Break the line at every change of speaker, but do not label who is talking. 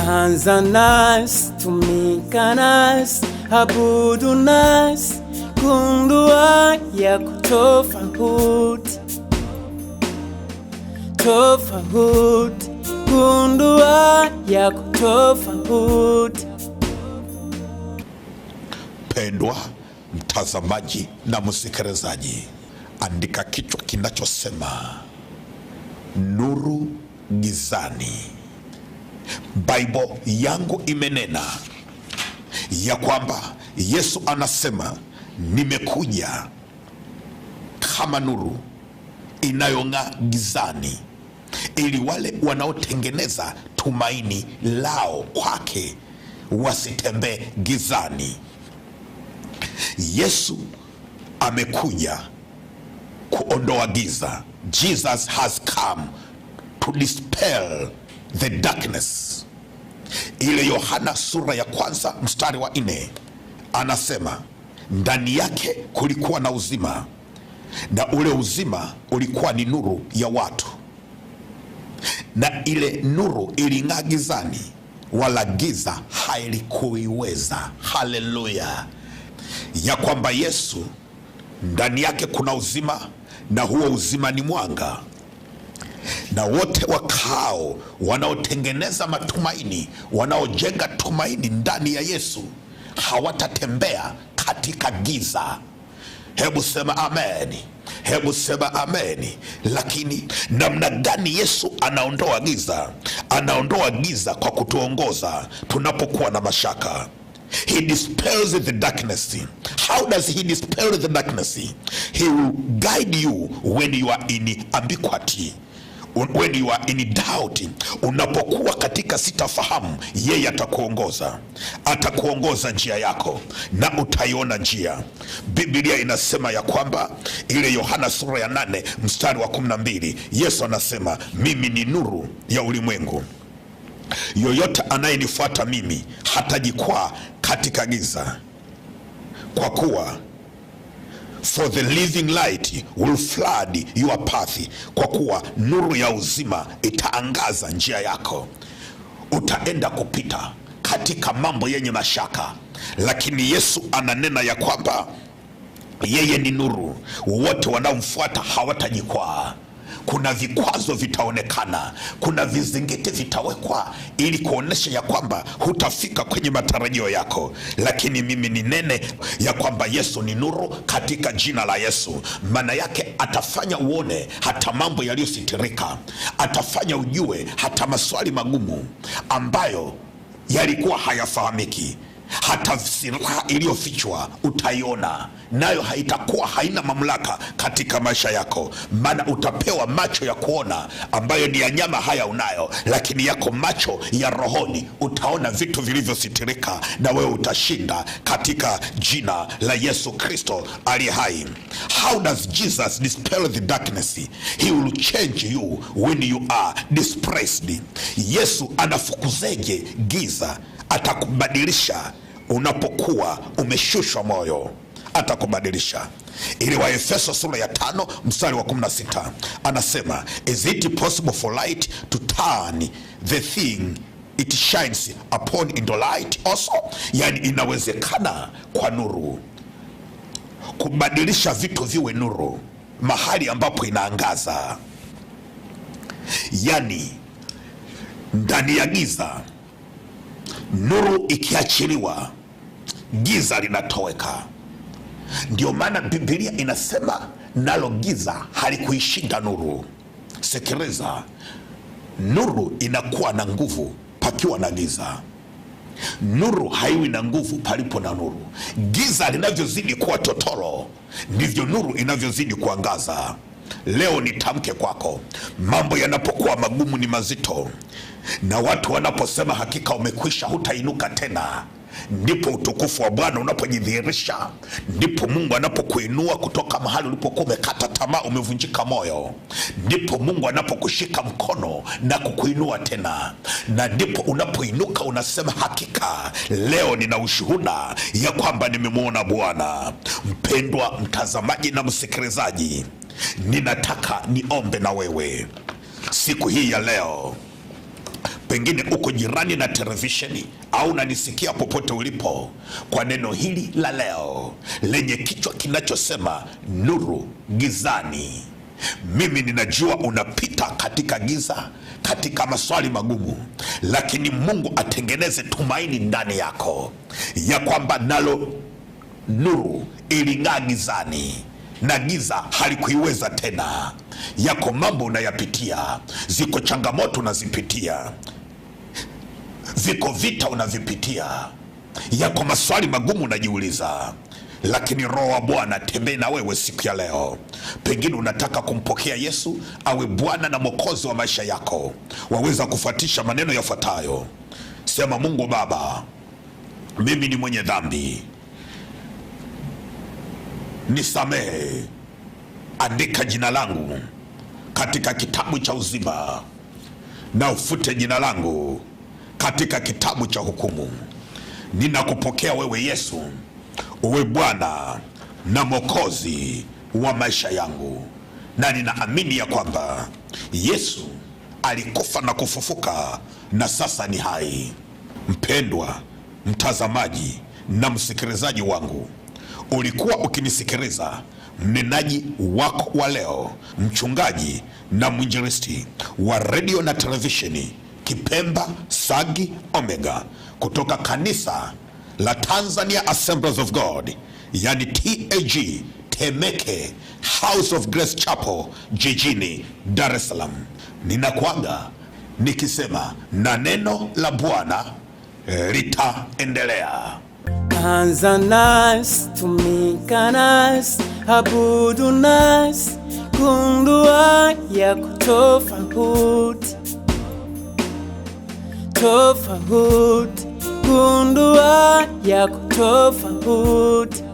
Anza nasi, tumika nasi, abudu nasi, gundua ya kutofauti, tofauti, gundua ya kutofauti.
Pendwa mtazamaji na msikilizaji, andika kichwa kinachosema nuru gizani. Bible yangu imenena ya kwamba Yesu anasema nimekuja kama nuru inayong'aa gizani, ili wale wanaotengeneza tumaini lao kwake wasitembee gizani. Yesu amekuja kuondoa giza. Jesus has come to dispel the darkness ile yohana sura ya kwanza mstari wa nne anasema ndani yake kulikuwa na uzima na ule uzima ulikuwa ni nuru ya watu na ile nuru iling'aa gizani wala giza halikuiweza haleluya ya kwamba yesu ndani yake kuna uzima na huo uzima ni mwanga na wote wakao wanaotengeneza matumaini, wanaojenga tumaini ndani ya Yesu hawatatembea katika giza. Hebu sema amen. Hebu sema amen. Lakini namna gani Yesu anaondoa giza? Anaondoa giza kwa kutuongoza tunapokuwa na mashaka. He dispels the darkness. How does he dispel the darkness? He will guide you when you are in ambiguity when you are in doubt, unapokuwa katika sitafahamu, yeye atakuongoza, atakuongoza njia yako na utaiona njia. Biblia inasema ya kwamba ile Yohana sura ya nane mstari wa kumi na mbili Yesu anasema mimi ni nuru ya ulimwengu, yoyote anayenifuata mimi hatajikwaa katika giza, kwa kuwa for the living light will flood your path, kwa kuwa nuru ya uzima itaangaza njia yako. Utaenda kupita katika mambo yenye mashaka, lakini Yesu ananena ya kwamba yeye ni nuru, wote wanaomfuata hawatajikwaa kuna vikwazo vitaonekana, kuna vizingiti vitawekwa ili kuonesha ya kwamba hutafika kwenye matarajio yako, lakini mimi ni nene ya kwamba Yesu ni nuru, katika jina la Yesu. Maana yake atafanya uone hata mambo yaliyositirika, atafanya ujue hata maswali magumu ambayo yalikuwa hayafahamiki hata silaha iliyofichwa utaiona, nayo haitakuwa haina mamlaka katika maisha yako, maana utapewa macho ya kuona ambayo ni ya nyama, haya unayo, lakini yako macho ya rohoni utaona vitu vilivyositirika, na wewe utashinda katika jina la Yesu Kristo aliye hai. How does Jesus dispel the darkness? He will change you when you are displaced. Yesu anafukuzeje giza atakubadilisha unapokuwa umeshushwa moyo atakubadilisha. Ili Waefeso sura ya tano mstari wa 16 anasema, is it possible for light to turn the thing it shines upon into light also? Yani, inawezekana kwa nuru kubadilisha vitu viwe nuru mahali ambapo inaangaza, yani ndani ya giza nuru ikiachiliwa giza linatoweka. Ndio maana Biblia inasema nalo giza halikuishinda nuru. Sikiliza, nuru inakuwa na nguvu pakiwa na giza. Nuru haiwi na nguvu palipo na nuru. Giza linavyozidi kuwa totoro, ndivyo nuru inavyozidi kuangaza. Leo nitamke kwako, mambo yanapokuwa magumu ni mazito, na watu wanaposema hakika umekwisha, hutainuka tena, ndipo utukufu wa Bwana unapojidhihirisha, ndipo Mungu anapokuinua kutoka mahali ulipokuwa umekata tamaa, umevunjika moyo, ndipo Mungu anapokushika mkono na kukuinua tena, na ndipo unapoinuka unasema, hakika leo nina ushuhuda ya kwamba nimemwona Bwana. Mpendwa mtazamaji na msikilizaji ninataka niombe na wewe siku hii ya leo. Pengine uko jirani na televisheni au unanisikia popote ulipo, kwa neno hili la leo lenye kichwa kinachosema nuru gizani. Mimi ninajua unapita katika giza, katika maswali magumu, lakini Mungu atengeneze tumaini ndani yako ya kwamba nalo nuru iling'aa gizani na giza halikuiweza tena. Yako mambo unayapitia, ziko changamoto unazipitia, ziko vita unavipitia, yako maswali magumu unajiuliza lakini roho wa Bwana tembee na wewe siku ya leo. Pengine unataka kumpokea Yesu awe Bwana na Mwokozi wa maisha yako, waweza kufuatisha maneno yafuatayo. Sema, Mungu Baba, mimi ni mwenye dhambi nisamehe, andika jina langu katika kitabu cha uzima na ufute jina langu katika kitabu cha hukumu. Ninakupokea wewe Yesu, uwe Bwana na Mwokozi wa maisha yangu, na ninaamini ya kwamba Yesu alikufa na kufufuka na sasa ni hai. Mpendwa mtazamaji na msikilizaji wangu ulikuwa ukinisikiliza mnenaji wako wa leo, mchungaji na mwinjilisti wa redio na televisheni Kipemba Sagi Omega kutoka kanisa la Tanzania Assemblies of God, yani TAG Temeke House of Grace Chapel jijini Dar es Salaam. Ninakwaga nikisema na neno la Bwana litaendelea. Anza nasi, tumika nasi, abudu nasi, gundua ya kutofauti, tofauti, gundua ya kutofauti